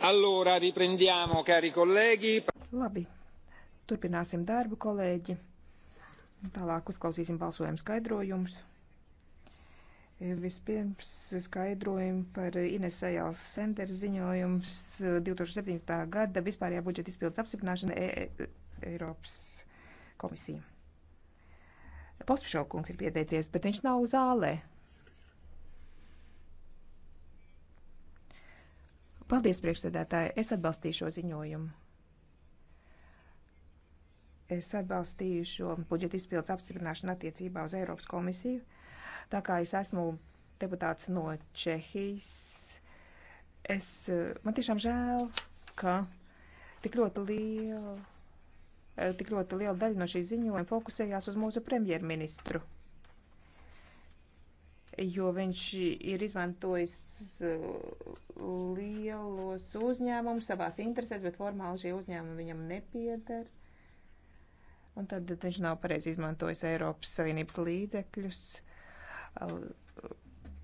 Allora, riprendiamo, cari kolēģi. Labi, turpināsim darbu, kolēģi. Tālāk uzklausīsim balsojumu skaidrojumus. Vispirms skaidrojumu par Inesējāls Senders ziņojums 2017. Eh, gada vispārējā budžeta izpildes apstiprināšana e e Eiropas komisija. Pospišaukungs ir pieteicies, bet viņš nav zālē. Paldies, priekšsēdētāji. Es atbalstīšu šo ziņojumu. Es atbalstīju šo budžeta izpildes apstiprināšanu attiecībā uz Eiropas komisiju. Tā kā es esmu deputāts no Čehijas, es, man tiešām žēl, ka tik ļoti liela, tik ļoti liela daļa no šī ziņojuma fokusējās uz mūsu premjerministru jo viņš ir izmantojis uh, lielos uzņēmumus savās interesēs, bet formāli šie uzņēmumi viņam nepieder. Un tad viņš nav pareizi izmantojis Eiropas Savienības līdzekļus.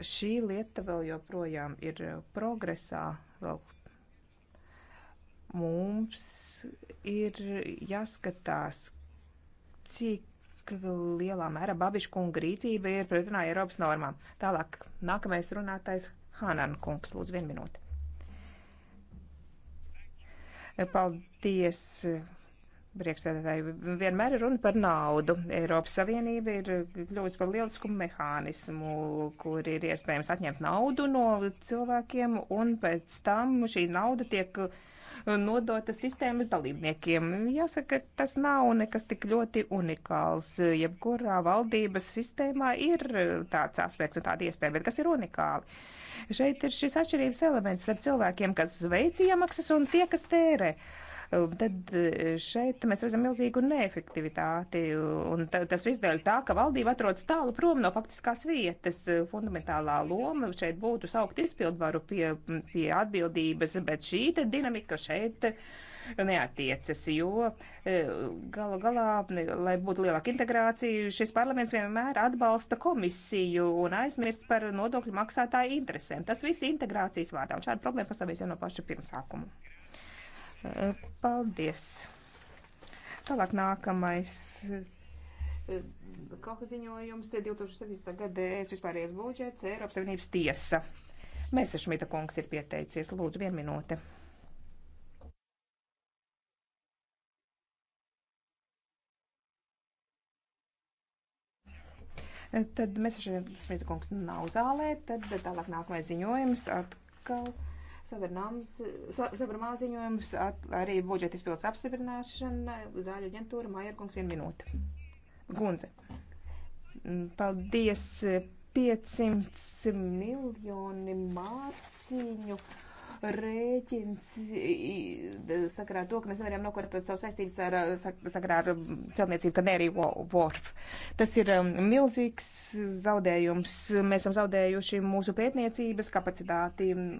Šī lieta vēl joprojām ir progresā, vēl mums ir jāskatās, cik ka lielā mērā Babiša kunga rīcība ir pretrunā Eiropas normām. Tālāk, nākamais runātais Hanan kungs, lūdzu, vienu minūti. Paldies, priekšsēdētāji. Vienmēr ir runa par naudu. Eiropas Savienība ir kļuvusi par lielisku mehānismu, kur ir iespējams atņemt naudu no cilvēkiem, un pēc tam šī nauda tiek uh, nodota sistēmas dalībniekiem. Jāsaka, tas nav nekas tik ļoti unikāls. Jebkurā valdības sistēmā ir tāds aspekts un tāda iespēja, bet kas ir unikāli? Šeit ir šis atšķirības elements ar cilvēkiem, kas veic iemaksas un tie, kas tērē. Uh, tad e, šeit mēs redzam milzīgu neefektivitāti. Un tas viss dēļ tā, ka valdība atrodas tālu prom no faktiskās vietas. E, fundamentālā loma šeit būtu saukt izpildvaru pie, pie atbildības, bet šī dinamika šeit neatiecas, jo e, galu galā, lai būtu lielāka integrācija, šis parlaments vienmēr atbalsta komisiju un aizmirst par nodokļu maksātāju interesēm. Tas viss integrācijas vārdā, un šāda problēma pastāvēs jau no paša pirmsākuma. Eh, paldies! Tālāk nākamais eh, kaut ziņojums 2017. Eh, gada ES vispārējais budžets Eiropas Savienības tiesa. Mēsešmita kungs ir pieteicies. Lūdzu, vienu minūti. Tad Mēsešmita kungs nav zālē, tad tālāk nākamais ziņojums atkal. Savernāma ziņojums, at, arī budžeta izpildes apstiprināšana, zāļu aģentūra, Mairkungs, viena minūte. Gunze. Mm, paldies, 500 miljoni mārciņu rēķins sakarā to, ka mēs nevarējām nokārtot savu saistības ar, sakarā ar celtniecību, ka ne arī Vorf. Tas ir milzīgs zaudējums. Mēs esam zaudējuši mūsu pētniecības kapacitāti. Um,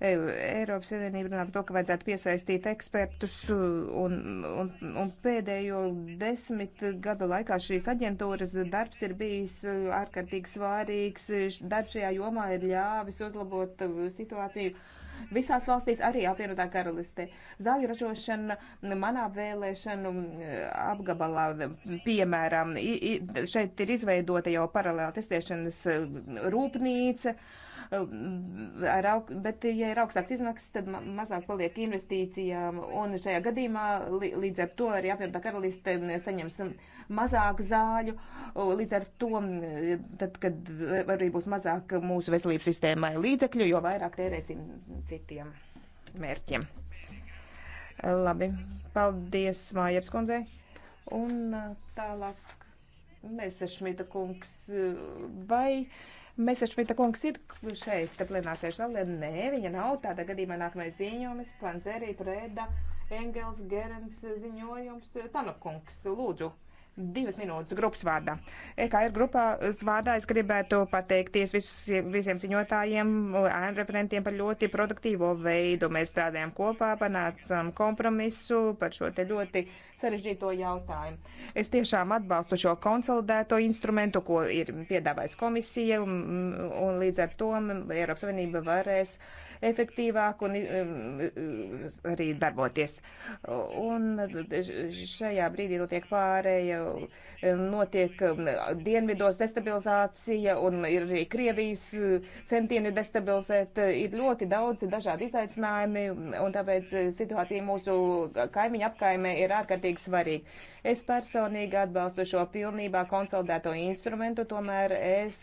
Eiropas Savienība runā par to, ka vajadzētu piesaistīt ekspertus, un, un, un pēdējo desmit gadu laikā šīs aģentūras darbs ir bijis ārkārtīgi svārīgs. Darbs šajā jomā ir ļāvis uzlabot situāciju. Visās valstīs, arī apvienotā karaliste. Zāļu ražošana manā vēlēšanu apgabalā, piemēram, šeit ir izveidota jau paralēla testēšanas rūpnīca. Uh, bet ja ir augstāks izmaksas, tad mazāk paliek investīcijām, un šajā gadījumā līdz ar to arī apvienotā karaliste saņems mazāk zāļu, līdz ar to, tad, kad arī būs mazāk mūsu veselības sistēmai līdzekļu, jo vairāk tērēsim citiem mērķiem. Labi, paldies Mājers kundzei. Un tālāk Nesešmita kungs, vai Mesešmita kungs ir šeit plenāsēšu zālē. Nē, viņa nav. Tādā gadījumā nākamais ziņojums, Panzerī, Prēda, Engels, Gerens ziņojums, Tanukungs. Lūdzu divas minūtes grupas vārdā. EKR er grupā vārdā es gribētu pateikties visus, visiem ziņotājiem, ēnu referentiem par ļoti produktīvo veidu. Mēs strādājam kopā, panācam kompromisu par šo te ļoti sarežģīto jautājumu. Es tiešām atbalstu šo konsolidēto instrumentu, ko ir piedāvājis komisija, un, un līdz ar to Eiropas Savienība varēs. Uh, efektīvāk un eh, arī darboties. Un šajā brīdī notiek pārēja, notiek um, dienvidos destabilizācija un ir arī Krievijas eh, centieni destabilizēt. Ir ļoti daudz dažādi izaicinājumi un tāpēc situācija mūsu kaimiņu apkaimē ir ārkārtīgi svarīga. Es personīgi atbalstu šo pilnībā konsolidēto instrumentu, tomēr es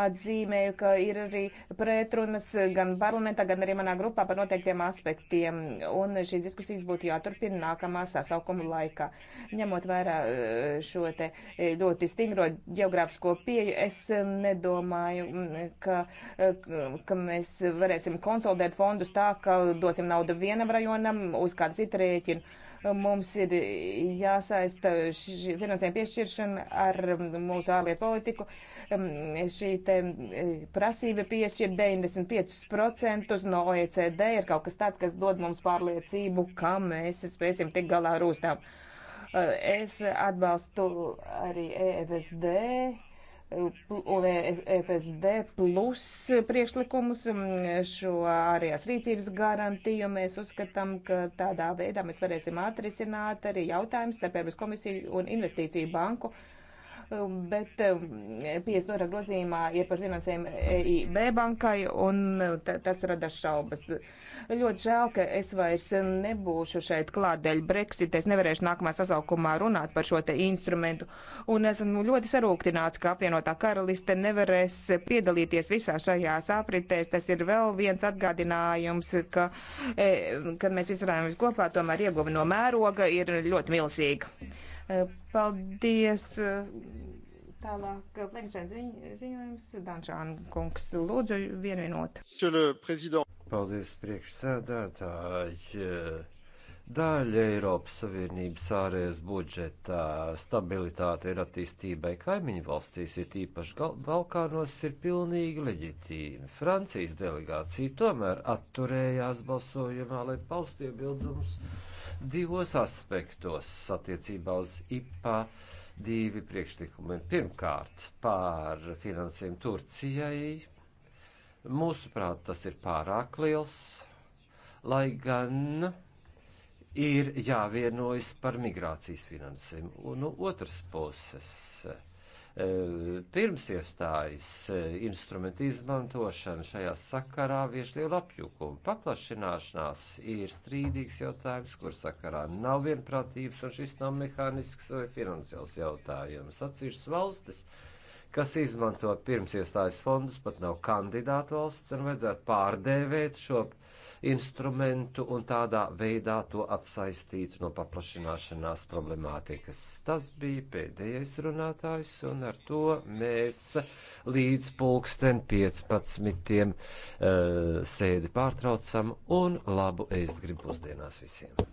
atzīmēju, ka ir arī pretrunas gan parlamentā, gan arī manā grupā par noteiktiem aspektiem. Un šīs diskusijas būtu jāturpina nākamā sasaukuma laikā. Ņemot vērā eh, šo te eh, ļoti stingro geogrāfisko pieju, es eh, nedomāju, mm, ka, ka mēs varēsim konsolidēt fondus tā, ka dosim naudu vienam rajonam uz kādu citu rēķinu. Mums ir jāsaista finansējuma piešķiršana ar mm, mūsu ārlietu politiku. Uh, šī te e, prasība piešķirt 95% no OECD ir kaut kas tāds, kas dod mums pārliecību, ka mēs spēsim tik galā ar uzdevumu. Es atbalstu arī EFSD un e FSD plus priekšlikumus šo ārējās rīcības garantiju. Mēs uzskatām, ka tādā veidā mēs varēsim atrisināt arī jautājumus starp Eiropas komisiju un investīciju banku. Uh, bet 52. Um, grozījumā ir par finansējumu EIB bankai, un uh, tas rada šaubas. Ļoti žēl, ka es vairs nebūšu šeit klātdēļ Brexit, es nevarēšu nākamā sasaukumā runāt par šo te instrumentu, un esmu ļoti sarūktināts, ka apvienotā karaliste nevarēs piedalīties visā šajās apritēs. Tas ir vēl viens atgādinājums, ka, e, kad mēs visi runājam kopā, tomēr ieguvi no mēroga ir ļoti milzīga. Eh, paldies! Eh, tālāk, eh, Flenkšēns ziņojums, Dančāna kungs, lūdzu, vienu minūti. Paldies, priekšsēdētāji! Daļa Eiropas Savienības ārējais budžetā stabilitāte ir attīstībai kaimiņu valstīs, ir īpaši Balkānos, ir pilnīgi leģitīmi. Francijas delegācija tomēr atturējās balsojumā, lai paustu iebildumus. Ja divos aspektos attiecībā uz IPA divi priekšlikumiem. Pirmkārt, pār finansēm Turcijai. Mūsuprāt, tas ir pārāk liels, lai gan ir jāvienojas par migrācijas finansēm. Un no otras puses Eh, pirms iestājas eh, instrumentu izmantošana šajā sakarā vieš lielu apjukumu. Paplašināšanās ir strīdīgs jautājums, kur sakarā nav vienprātības, un šis nav mehānisks vai finansiāls jautājums. Atsevišķas valstis. Uh, kas izmanto pirms iestājas fondus, pat nav kandidāta valsts, un vajadzētu pārdēvēt šo instrumentu un tādā veidā to atsaistīt no paplašināšanās problemātikas. Tas bija pēdējais runātājs, un ar to mēs līdz pulksten 15. Uh, eh, sēdi pārtraucam, un labu ēst gribu pusdienās visiem!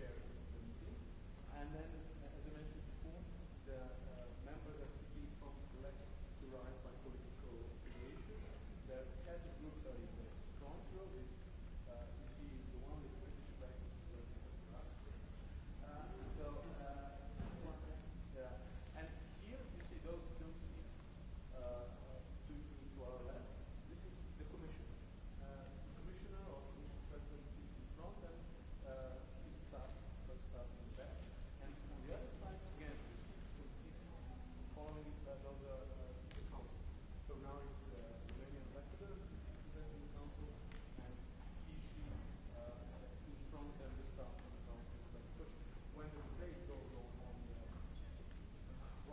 chair of the meeting. And then, uh, as I mentioned before, the uh, members are sitting from left to right by political affiliation. The heads of groups are in the front row. This